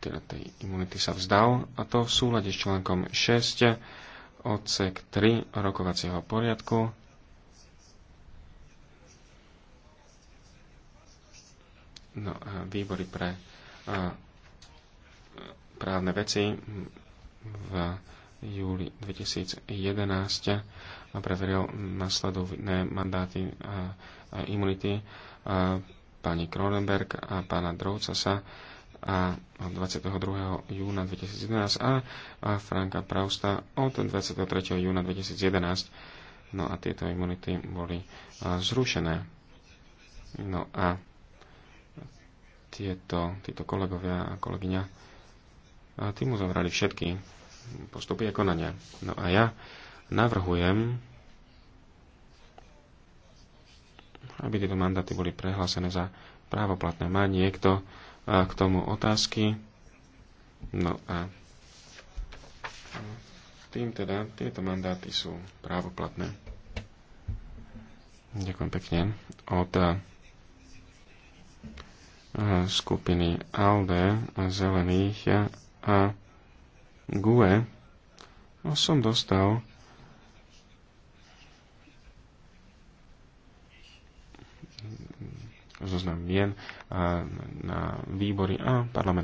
teda tej imunity sa vzdal a to v súlade s článkom 6 odsek 3 rokovacieho poriadku. No výbory pre a, právne veci v júli 2011 preveril nasledovné mandáty a, a imunity a, pani Kronenberg a pána Drovca sa a 22. júna 2011 a, Franka Prausta od 23. júna 2011. No a tieto imunity boli zrušené. No a tieto, títo kolegovia a kolegyňa a tým všetky postupy a konania. No a ja navrhujem aby tieto mandáty boli prehlásené za právoplatné. Má niekto e, k tomu otázky? No a tým teda tieto mandáty sú právoplatné. Ďakujem pekne. Od e, skupiny ALDE, Zelených a GUE som dostal zoznam mien eh, na výbory a parlament.